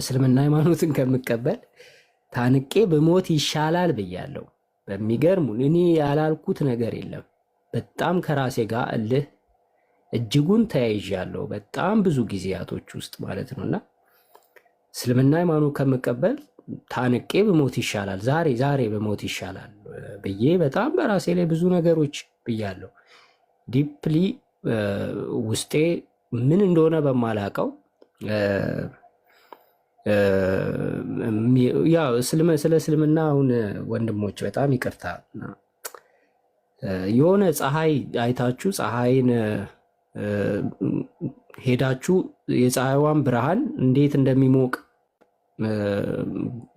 እስልምና ሃይማኖትን ከምቀበል ታንቄ በሞት ይሻላል ብያለሁ። በሚገርሙ እኔ ያላልኩት ነገር የለም። በጣም ከራሴ ጋር እልህ እጅጉን ተያይዣለሁ። በጣም ብዙ ጊዜያቶች ውስጥ ማለት ነውና እስልምና ሃይማኖት ከምቀበል ታንቄ በሞት ይሻላል፣ ዛሬ ዛሬ በሞት ይሻላል ብዬ በጣም በራሴ ላይ ብዙ ነገሮች ብያለሁ። ዲፕሊ ውስጤ ምን እንደሆነ በማላቀው። ስለ እስልምና አሁን ወንድሞች በጣም ይቅርታ፣ የሆነ ፀሐይ አይታችሁ ፀሐይን ሄዳችሁ የፀሐይዋን ብርሃን እንዴት እንደሚሞቅ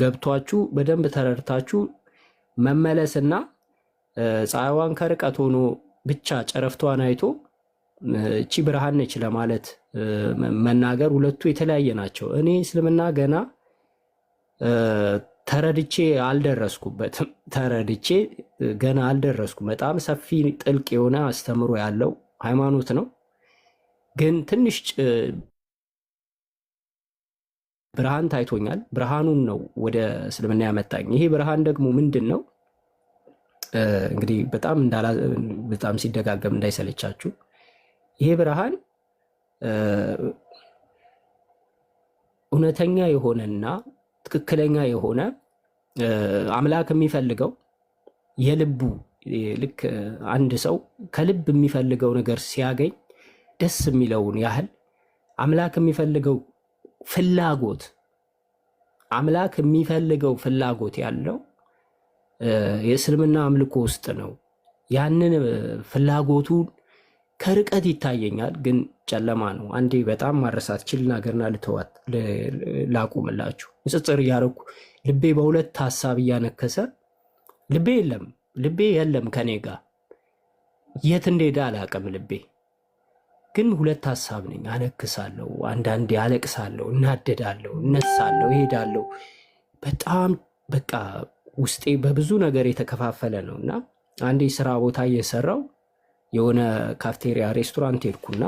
ገብቷችሁ በደንብ ተረድታችሁ መመለስና ፀሐይዋን ከርቀት ሆኖ ብቻ ጨረፍቷን አይቶ እቺ ብርሃን ነች ለማለት መናገር ሁለቱ የተለያየ ናቸው። እኔ እስልምና ገና ተረድቼ አልደረስኩበትም። ተረድቼ ገና አልደረስኩም። በጣም ሰፊ ጥልቅ የሆነ አስተምሮ ያለው ሃይማኖት ነው። ግን ትንሽ ብርሃን ታይቶኛል። ብርሃኑን ነው ወደ እስልምና ያመጣኝ። ይሄ ብርሃን ደግሞ ምንድን ነው? እንግዲህ በጣም በጣም ሲደጋገም እንዳይሰለቻችሁ ይሄ ብርሃን እውነተኛ የሆነና ትክክለኛ የሆነ አምላክ የሚፈልገው የልቡ ልክ አንድ ሰው ከልብ የሚፈልገው ነገር ሲያገኝ ደስ የሚለውን ያህል አምላክ የሚፈልገው ፍላጎት አምላክ የሚፈልገው ፍላጎት ያለው የእስልምና አምልኮ ውስጥ ነው። ያንን ፍላጎቱን ከርቀት ይታየኛል፣ ግን ጨለማ ነው። አንዴ በጣም ማረሳት ችል ናገርና ልተዋት ላቁምላችሁ። ንጽጽር እያረኩ ልቤ በሁለት ሀሳብ እያነከሰ ልቤ የለም ልቤ የለም ከኔ ጋር የት እንደሄደ አላቅም ልቤ ግን ሁለት ሀሳብ ነኝ። አነክሳለሁ፣ አንዳንዴ አለቅሳለሁ፣ እናደዳለሁ፣ እነሳለሁ፣ እሄዳለሁ። በጣም በቃ ውስጤ በብዙ ነገር የተከፋፈለ ነው እና አንዴ ስራ ቦታ እየሰራው የሆነ ካፍቴሪያ ሬስቶራንት ሄድኩና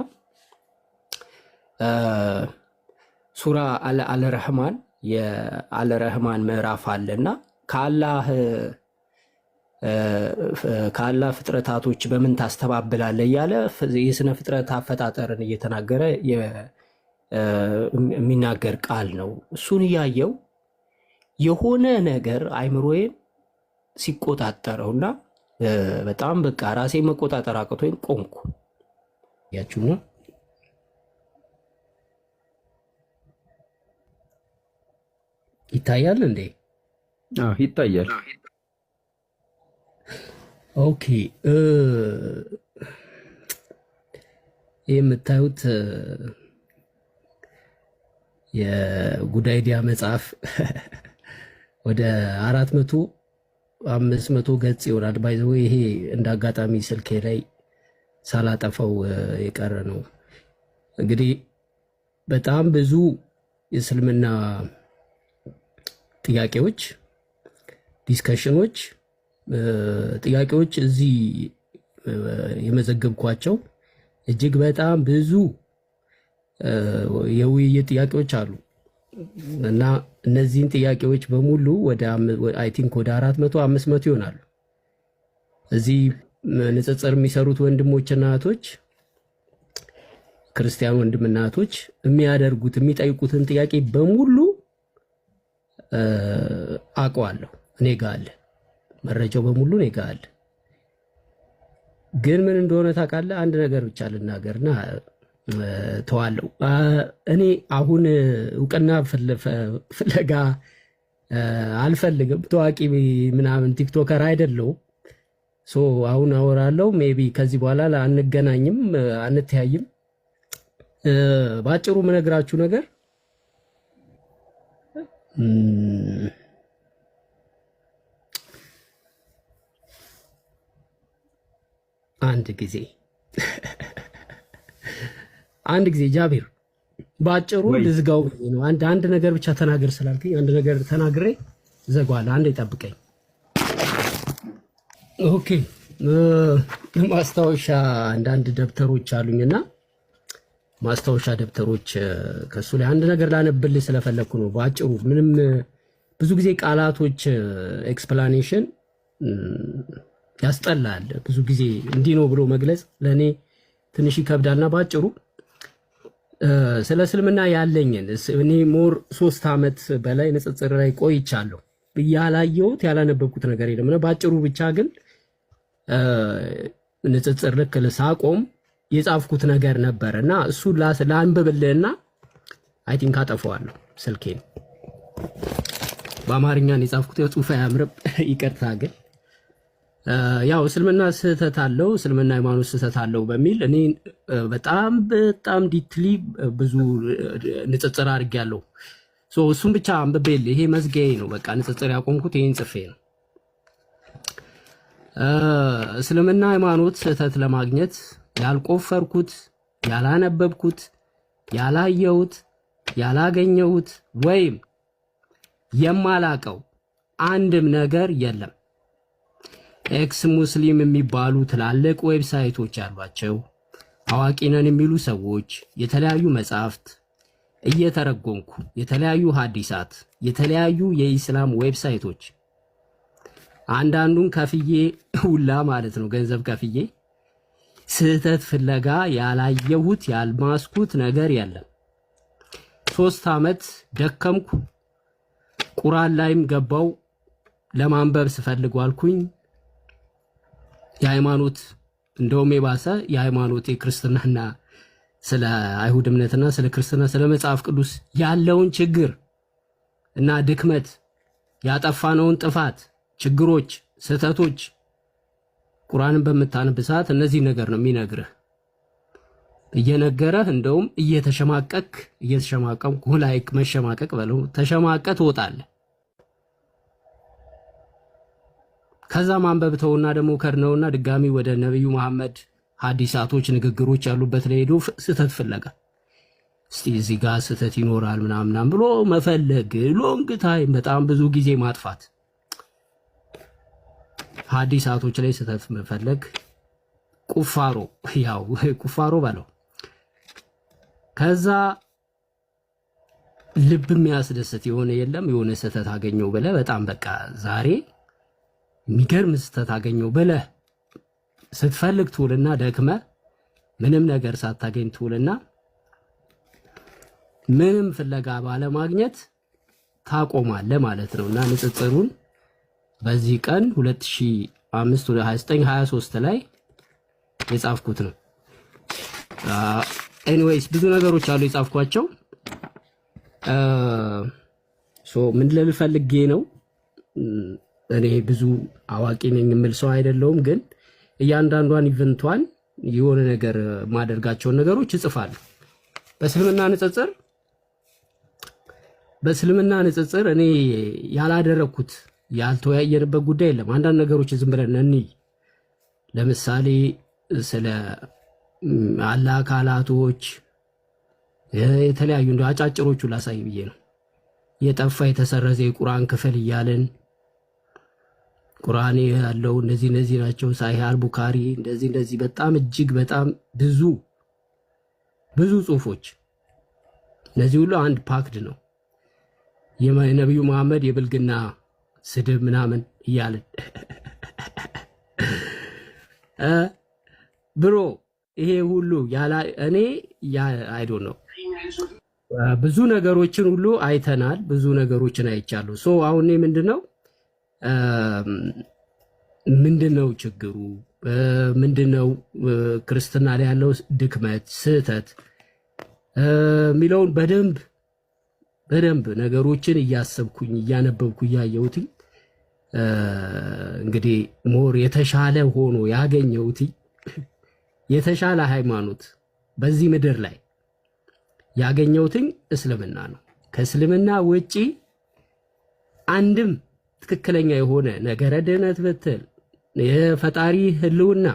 ሱራ አለረህማን የአለረህማን ምዕራፍ አለና ከአላህ ከአላህ ፍጥረታቶች በምን ታስተባብላለ እያለ የስነ ፍጥረት አፈጣጠርን እየተናገረ የሚናገር ቃል ነው። እሱን እያየው የሆነ ነገር አይምሮዬን ሲቆጣጠረውና በጣም በቃ ራሴ መቆጣጠር አቅቶኝ ቆምኩ። ያችሁ ነው ይታያል እንዴ? አዎ ይታያል። ኦኬ ይህ የምታዩት የጉዳይ ዲያ መጽሐፍ ወደ አራት መቶ አምስት መቶ ገጽ ይሆናል። ባይዘው ይሄ እንደ አጋጣሚ ስልኬ ላይ ሳላጠፈው የቀረ ነው። እንግዲህ በጣም ብዙ የእስልምና ጥያቄዎች፣ ዲስከሽኖች፣ ጥያቄዎች እዚህ የመዘገብኳቸው እጅግ በጣም ብዙ የውይይት ጥያቄዎች አሉ። እና እነዚህን ጥያቄዎች በሙሉ አይ ቲንክ ወደ አራት መቶ አምስት መቶ ይሆናሉ። እዚህ ንጽጽር የሚሰሩት ወንድሞችና እህቶች ክርስቲያን ወንድምና እህቶች የሚያደርጉት የሚጠይቁትን ጥያቄ በሙሉ አውቀዋለሁ። እኔ ጋ አለ መረጃው በሙሉ እኔ ጋ አለ። ግን ምን እንደሆነ ታውቃለህ? አንድ ነገር ብቻ ልናገርና ተዋለው እኔ አሁን እውቅና ፍለጋ አልፈልግም። ታዋቂ ምናምን ቲክቶከር አይደለው ሶ አሁን አወራለሁ። ሜቢ ከዚህ በኋላ አንገናኝም፣ አንተያይም። በአጭሩ ምነግራችሁ ነገር አንድ ጊዜ አንድ ጊዜ ጃቢር በአጭሩ ልዝጋው ነው። አንድ አንድ ነገር ብቻ ተናገር ስላልከኝ አንድ ነገር ተናግሬ ዘጓል። አንድ ይጠብቀኝ። ኦኬ ማስታወሻ አንዳንድ ደብተሮች አሉኝና ማስታወሻ ደብተሮች ከሱ ላይ አንድ ነገር ላነብልህ ስለፈለግኩ ነው። በአጭሩ ምንም ብዙ ጊዜ ቃላቶች ኤክስፕላኔሽን ያስጠላል። ብዙ ጊዜ እንዲህ ነው ብሎ መግለጽ ለእኔ ትንሽ ይከብዳልና በአጭሩ ስለ እስልምና ያለኝን እኔ ሞር ሶስት ዓመት በላይ ንጽጽር ላይ ቆይቻለሁ። ያላየሁት ያላነበብኩት ነገር የለም። በአጭሩ ብቻ ግን ንጽጽር ልክ ልሳቆም የጻፍኩት ነገር ነበር እና እሱ ለአንብብልህና አይ ቲንክ አጠፋዋለሁ ስልኬን። በአማርኛ የጻፍኩት ጽሑፍ አያምርም፣ ይቅርታ ግን ያው እስልምና ስህተት አለው እስልምና ሃይማኖት ስህተት አለው በሚል እኔ በጣም በጣም ዲትሊ ብዙ ንጽጽር አድርጌያለሁ። እሱም ብቻ አንብቤል ይሄ መዝጊያዬ ነው። በቃ ንጽጽር ያቆምኩት ይህን ጽፌ ነው። እስልምና ሃይማኖት ስህተት ለማግኘት ያልቆፈርኩት፣ ያላነበብኩት፣ ያላየሁት፣ ያላገኘሁት ወይም የማላቀው አንድም ነገር የለም። ኤክስ ሙስሊም የሚባሉ ትላልቅ ዌብሳይቶች አሏቸው። አዋቂ ነን የሚሉ ሰዎች የተለያዩ መጽሐፍት እየተረጎምኩ የተለያዩ ሀዲሳት፣ የተለያዩ የኢስላም ዌብሳይቶች አንዳንዱን ከፍዬ ሁላ ማለት ነው ገንዘብ ከፍዬ ስህተት ፍለጋ ያላየሁት ያልማስኩት ነገር የለም። ሶስት ዓመት ደከምኩ። ቁራን ላይም ገባው ለማንበብ ስፈልጓልኩኝ የሃይማኖት እንደውም የባሰ የሃይማኖት የክርስትናና ስለ አይሁድ እምነትና ስለ ክርስትና ስለ መጽሐፍ ቅዱስ ያለውን ችግር እና ድክመት ያጠፋነውን ጥፋት፣ ችግሮች፣ ስህተቶች ቁርአንን በምታነብ ሰዓት እነዚህ ነገር ነው የሚነግርህ እየነገረህ እንደውም እየተሸማቀክ እየተሸማቀም ሁላይክ መሸማቀቅ በለው ተሸማቀ ትወጣለህ። ከዛ ማንበብ ተውና ደግሞ ከድነውና ድጋሚ ወደ ነቢዩ መሐመድ ሀዲሳቶች፣ ንግግሮች ያሉበት ላይ ሄዶ ስህተት ፍለጋ እስቲ እዚህ ጋር ስህተት ይኖራል ምናምናም ብሎ መፈለግ ሎንግ ታይም በጣም ብዙ ጊዜ ማጥፋት ሀዲሳቶች ላይ ስህተት መፈለግ ቁፋሮ ያው ቁፋሮ በለው። ከዛ ልብ የሚያስደስት የሆነ የለም የሆነ ስህተት አገኘው ብለህ በጣም በቃ ዛሬ የሚገርም ስህተት አገኘው ብለህ ስትፈልግ ትውልና ደክመ ምንም ነገር ሳታገኝ ትውልና ምንም ፍለጋ ባለማግኘት ታቆማለህ ማለት ነው እና ንጽጽሩን በዚህ ቀን 2025/29/23 ላይ የጻፍኩት ነው። ኤኒዌይስ ብዙ ነገሮች አሉ የጻፍኳቸው። ሶ ምን ልፈልጌ ነው እኔ ብዙ አዋቂ ነኝ የምል ሰው አይደለውም፣ ግን እያንዳንዷን ኢቨንቷን የሆነ ነገር ማደርጋቸውን ነገሮች እጽፋለሁ። በእስልምና ንጽጽር በእስልምና ንጽጽር እኔ ያላደረግኩት ያልተወያየንበት ጉዳይ የለም። አንዳንድ ነገሮች ዝም ብለን እንይ። ለምሳሌ ስለ አላ አካላቶች የተለያዩ እንደ አጫጭሮቹ ላሳይ ብዬ ነው። የጠፋ የተሰረዘ የቁርአን ክፍል እያለን ቁርአን ያለው እነዚህ እነዚህ ናቸው። ሳሂህ አልቡካሪ እንደዚህ እንደዚህ በጣም እጅግ በጣም ብዙ ብዙ ጽሁፎች እነዚህ ሁሉ አንድ ፓክድ ነው። የነቢዩ መሐመድ የብልግና ስድብ ምናምን እያለን ብሮ ይሄ ሁሉ እኔ አይዶ ነው። ብዙ ነገሮችን ሁሉ አይተናል። ብዙ ነገሮችን አይቻሉ። ሶ አሁን ምንድን ነው ምንድን ነው ችግሩ? ምንድን ነው ክርስትና ላይ ያለው ድክመት፣ ስህተት የሚለውን በደንብ በደንብ ነገሮችን እያሰብኩኝ እያነበብኩ እያየሁትኝ እንግዲህ ሞር የተሻለ ሆኖ ያገኘሁትኝ የተሻለ ሃይማኖት በዚህ ምድር ላይ ያገኘሁትኝ እስልምና ነው። ከእስልምና ውጪ አንድም ትክክለኛ የሆነ ነገረ ድህነት ብትል የፈጣሪ ህልውና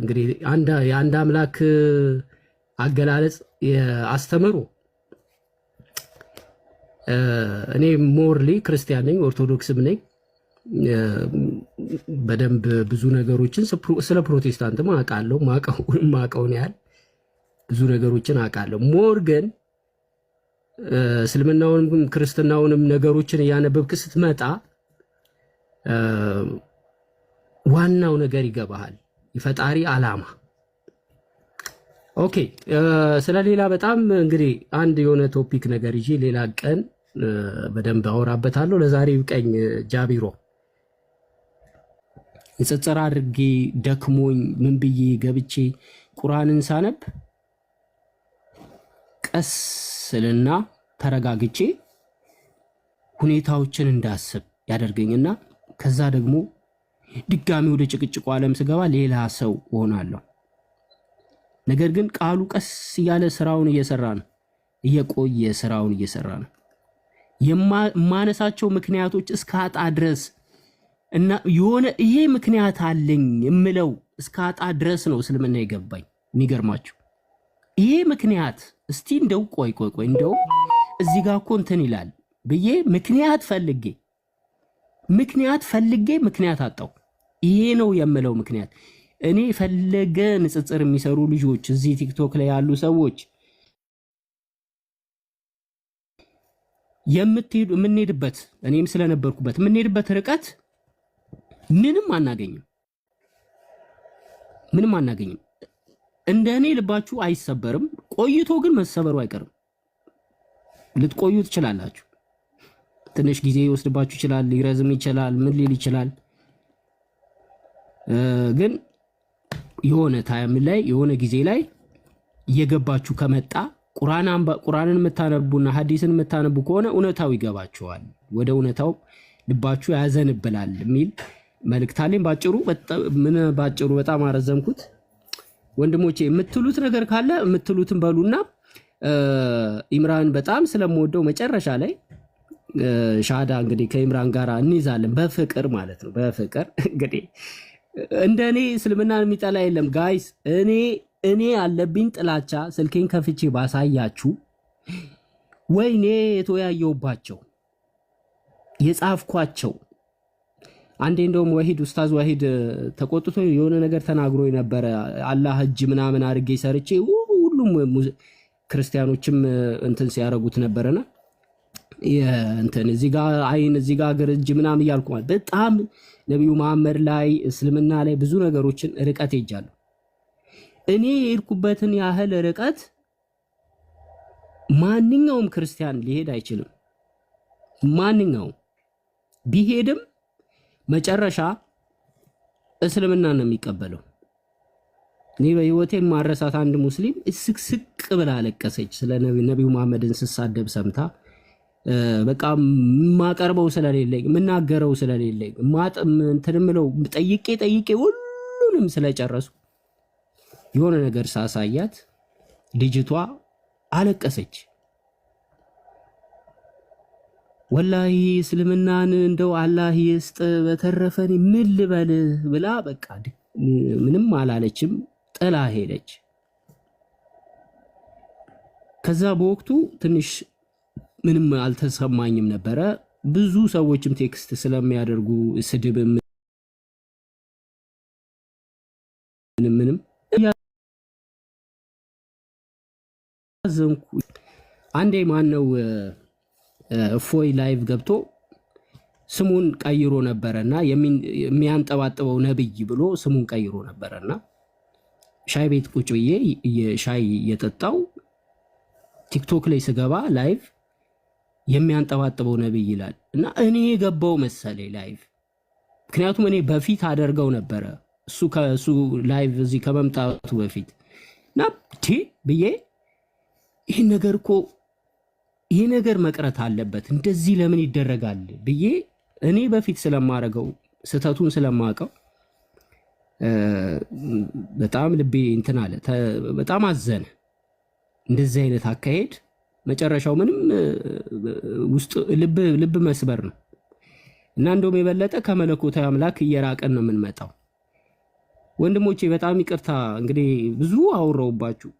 እንግዲህ የአንድ አምላክ አገላለጽ አስተምሮ እኔ ሞርሊ ክርስቲያን ነኝ፣ ኦርቶዶክስም ነኝ። በደንብ ብዙ ነገሮችን ስለ ፕሮቴስታንትም አውቃለሁ። ማቀውን ያህል ብዙ ነገሮችን አውቃለሁ። ሞር ግን እስልምናውንም ክርስትናውንም ነገሮችን እያነበብክ ስትመጣ ዋናው ነገር ይገባሃል፣ የፈጣሪ አላማ ኦኬ ስለሌላ በጣም እንግዲህ አንድ የሆነ ቶፒክ ነገር ይዤ ሌላ ቀን በደንብ አወራበታለሁ። ለዛሬ ይብቀኝ። ጃቢሮ ንጽጽር አድርጌ ደክሞኝ ምን ብዬ ገብቼ ቁርአንን ሳነብ ቀስልና ስልና ተረጋግቼ ሁኔታዎችን እንዳስብ ያደርገኝና ከዛ ደግሞ ድጋሚ ወደ ጭቅጭቁ ዓለም ስገባ ሌላ ሰው እሆናለሁ። ነገር ግን ቃሉ ቀስ እያለ ስራውን እየሰራ ነው፣ እየቆየ ስራውን እየሰራ ነው። የማነሳቸው ምክንያቶች እስካጣ ድረስ እና የሆነ ይሄ ምክንያት አለኝ የምለው እስካጣ ድረስ ነው እስልምና የገባኝ የሚገርማችሁ ይሄ ምክንያት እስቲ እንደው ቆይ ቆይ ቆይ እንደው እዚህ ጋር እኮ እንትን ይላል ብዬ ምክንያት ፈልጌ ምክንያት ፈልጌ ምክንያት አጣው። ይሄ ነው የምለው ምክንያት። እኔ ፈልገ ንጽጽር የሚሰሩ ልጆች እዚህ ቲክቶክ ላይ ያሉ ሰዎች የምትሄዱ የምንሄድበት እኔም ስለነበርኩበት የምንሄድበት ርቀት ምንም አናገኝም፣ ምንም አናገኝም። እንደ እኔ ልባችሁ አይሰበርም። ቆይቶ ግን መሰበሩ አይቀርም። ልትቆዩ ትችላላችሁ። ትንሽ ጊዜ ይወስድባችሁ ይችላል፣ ሊረዝም ይችላል፣ ምን ሊል ይችላል። ግን የሆነ ታይም ላይ የሆነ ጊዜ ላይ እየገባችሁ ከመጣ ቁርአንን የምታነቡና ሀዲስን የምታነቡ ከሆነ እውነታው ይገባችኋል። ወደ እውነታው ልባችሁ ያዘንብላል የሚል መልእክት አለኝ። ባጭሩ በጣም አረዘምኩት። ወንድሞቼ የምትሉት ነገር ካለ የምትሉትን በሉና ኢምራን በጣም ስለምወደው መጨረሻ ላይ ሻዳ እንግዲህ ከኢምራን ጋር እንይዛለን በፍቅር ማለት ነው። በፍቅር እንግዲህ እንደ እኔ እስልምናን የሚጠላ የለም ጋይስ። እኔ እኔ አለብኝ ጥላቻ ስልኬን ከፍቼ ባሳያችሁ ወይኔ የተወያየውባቸው የጻፍኳቸው አንዴ እንደውም ወሂድ ኡስታዝ ወሂድ ተቆጥቶ የሆነ ነገር ተናግሮ ነበረ። አላህ እጅ ምናምን አድርጌ ሰርቼ ሁሉም ክርስቲያኖችም እንትን ሲያደርጉት ነበረና እንትን እዚህ ጋር አይን እዚህ ጋር እግር እጅ ምናምን እያልኩ ማለት በጣም ነቢዩ መሐመድ ላይ እስልምና ላይ ብዙ ነገሮችን ርቀት ሄጃለሁ። እኔ የሄድኩበትን ያህል ርቀት ማንኛውም ክርስቲያን ሊሄድ አይችልም። ማንኛውም ቢሄድም መጨረሻ እስልምና ነው የሚቀበለው። እኔ በህይወቴ ማረሳት አንድ ሙስሊም ስቅስቅ ብላ አለቀሰች። ስለ ነቢዩ መሐመድን ስሳደብ ሰምታ በቃ ማቀርበው ስለሌለኝ የምናገረው ስለሌለኝ ትንምለው ጠይቄ ጠይቄ ሁሉንም ስለጨረሱ የሆነ ነገር ሳሳያት ልጅቷ አለቀሰች። ወላሂ እስልምናን እንደው አላህ ይስጥ በተረፈን ምን ልበል ብላ በቃ ምንም አላለችም፣ ጥላ ሄደች። ከዛ በወቅቱ ትንሽ ምንም አልተሰማኝም ነበረ። ብዙ ሰዎችም ቴክስት ስለሚያደርጉ ስድብ ምንም ምንም አንዴ ማን ነው እፎይ ላይቭ ገብቶ ስሙን ቀይሮ ነበረና የሚያንጠባጥበው ነብይ ብሎ ስሙን ቀይሮ ነበረና ሻይ ቤት ቁጭ ብዬ ሻይ እየጠጣው ቲክቶክ ላይ ስገባ ላይቭ የሚያንጠባጥበው ነብይ ይላል እና እኔ የገባው መሰለኝ ላይቭ። ምክንያቱም እኔ በፊት አደርገው ነበረ እሱ ከእሱ ላይቭ እዚህ ከመምጣቱ በፊት እና ብዬ ይህን ነገር እኮ ይህ ነገር መቅረት አለበት፣ እንደዚህ ለምን ይደረጋል ብዬ እኔ በፊት ስለማደርገው ስህተቱን ስለማውቀው በጣም ልቤ እንትን አለ፣ በጣም አዘነ። እንደዚህ አይነት አካሄድ መጨረሻው ምንም ውስጥ ልብ መስበር ነው እና እንደውም የበለጠ ከመለኮታዊ አምላክ እየራቀን ነው የምንመጣው። ወንድሞቼ በጣም ይቅርታ እንግዲህ ብዙ አውረውባችሁ፣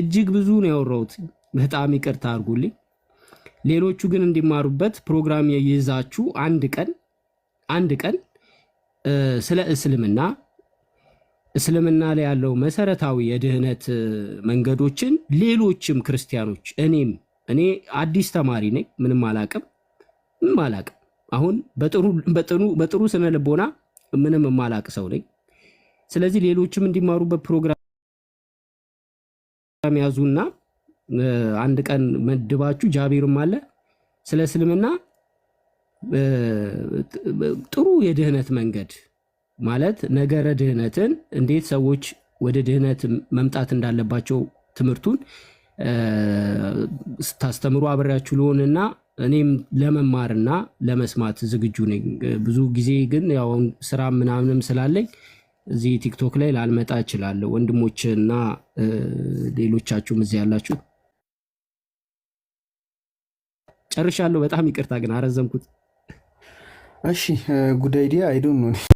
እጅግ ብዙ ነው ያወራሁት። በጣም ይቅርታ አድርጉልኝ። ሌሎቹ ግን እንዲማሩበት ፕሮግራም ይዛችሁ አንድ ቀን አንድ ቀን ስለ እስልምና እስልምና ላይ ያለው መሰረታዊ የድህነት መንገዶችን ሌሎችም ክርስቲያኖች እኔም እኔ አዲስ ተማሪ ነኝ። ምንም አላቅም ምንም አላቅም። አሁን በጥሩ ስነ ልቦና ምንም የማላቅ ሰው ነኝ። ስለዚህ ሌሎችም እንዲማሩበት ፕሮግራም ያዙና አንድ ቀን መድባችሁ ጃቢርም አለ ስለ እስልምና ጥሩ የድህነት መንገድ ማለት ነገረ ድህነትን እንዴት ሰዎች ወደ ድህነት መምጣት እንዳለባቸው ትምህርቱን ስታስተምሩ አብሬያችሁ ልሆንና እኔም ለመማርና ለመስማት ዝግጁ ነኝ። ብዙ ጊዜ ግን ያው ስራ ምናምንም ስላለኝ እዚህ ቲክቶክ ላይ ላልመጣ እችላለሁ። ወንድሞችና ሌሎቻችሁም እዚህ ያላችሁ ጨርሻለሁ። በጣም ይቅርታ ግን አረዘምኩት። እሺ ጉድ አይዲያ አይዶን ነው